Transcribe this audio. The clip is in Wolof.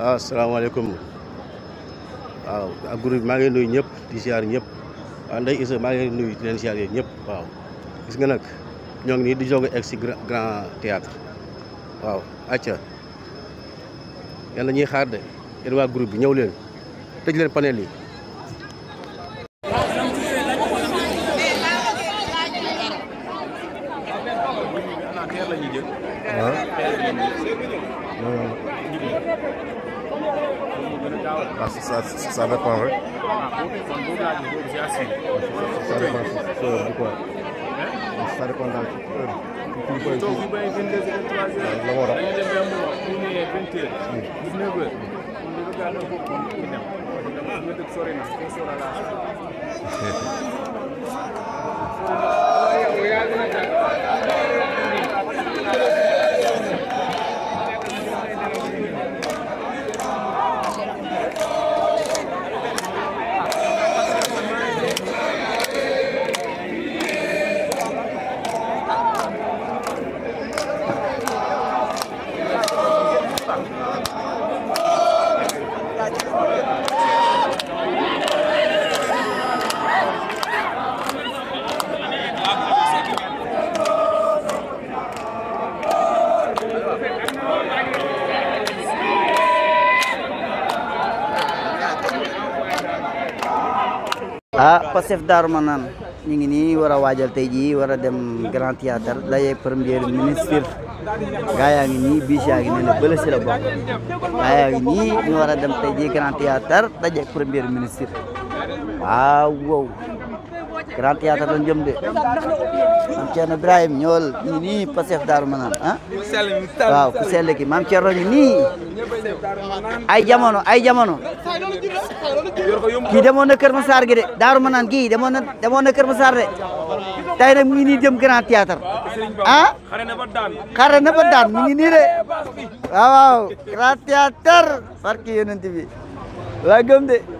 Ah, waaw asalaamaaleykum waaw maa ngi nuyu ñëpp di siyaar ñëpp waaw Ndeye Issa maa ngi nuyu di siyaar yéen ñëpp waaw gis nga nag ñoo ngi nii di jóge egg grand théâtre waaw acca yéen la xaar de yéen waa groupe bi ñëw leen tëj leen panel yi ah. Ah. Ah, ça, ça, ça dépend, hein? Ça dépend sur heure du quoi? Ça dépend dans heure. La moo tax. ah Pastef Daaru Manaan ñu ngi nii war a waajal tey jii war a dem Grand da daje premier ministre gaa yaa ngi nii bis yaa ngi ne bële si la bokk yaa ngi nii ñu war a dem te jii Grand Théâtre daje premier ministre waaw grand théâtre lañ jëm de maam Thierno Ibrahim ñool ñi nii Pastef Daaru Manaan ah waaw ku sell ki maam Thierno ñu nii ay jamono ay jamono kii demoon na Kër Massar gi de Daaru Manaan gii demoon na demoon na Kër Massar de tey nag mu ngi nii jëm grand théâtre ah xare na ba daan mu ngi nii de waaw waaw grand théâtre barki yonent bi waa gëm de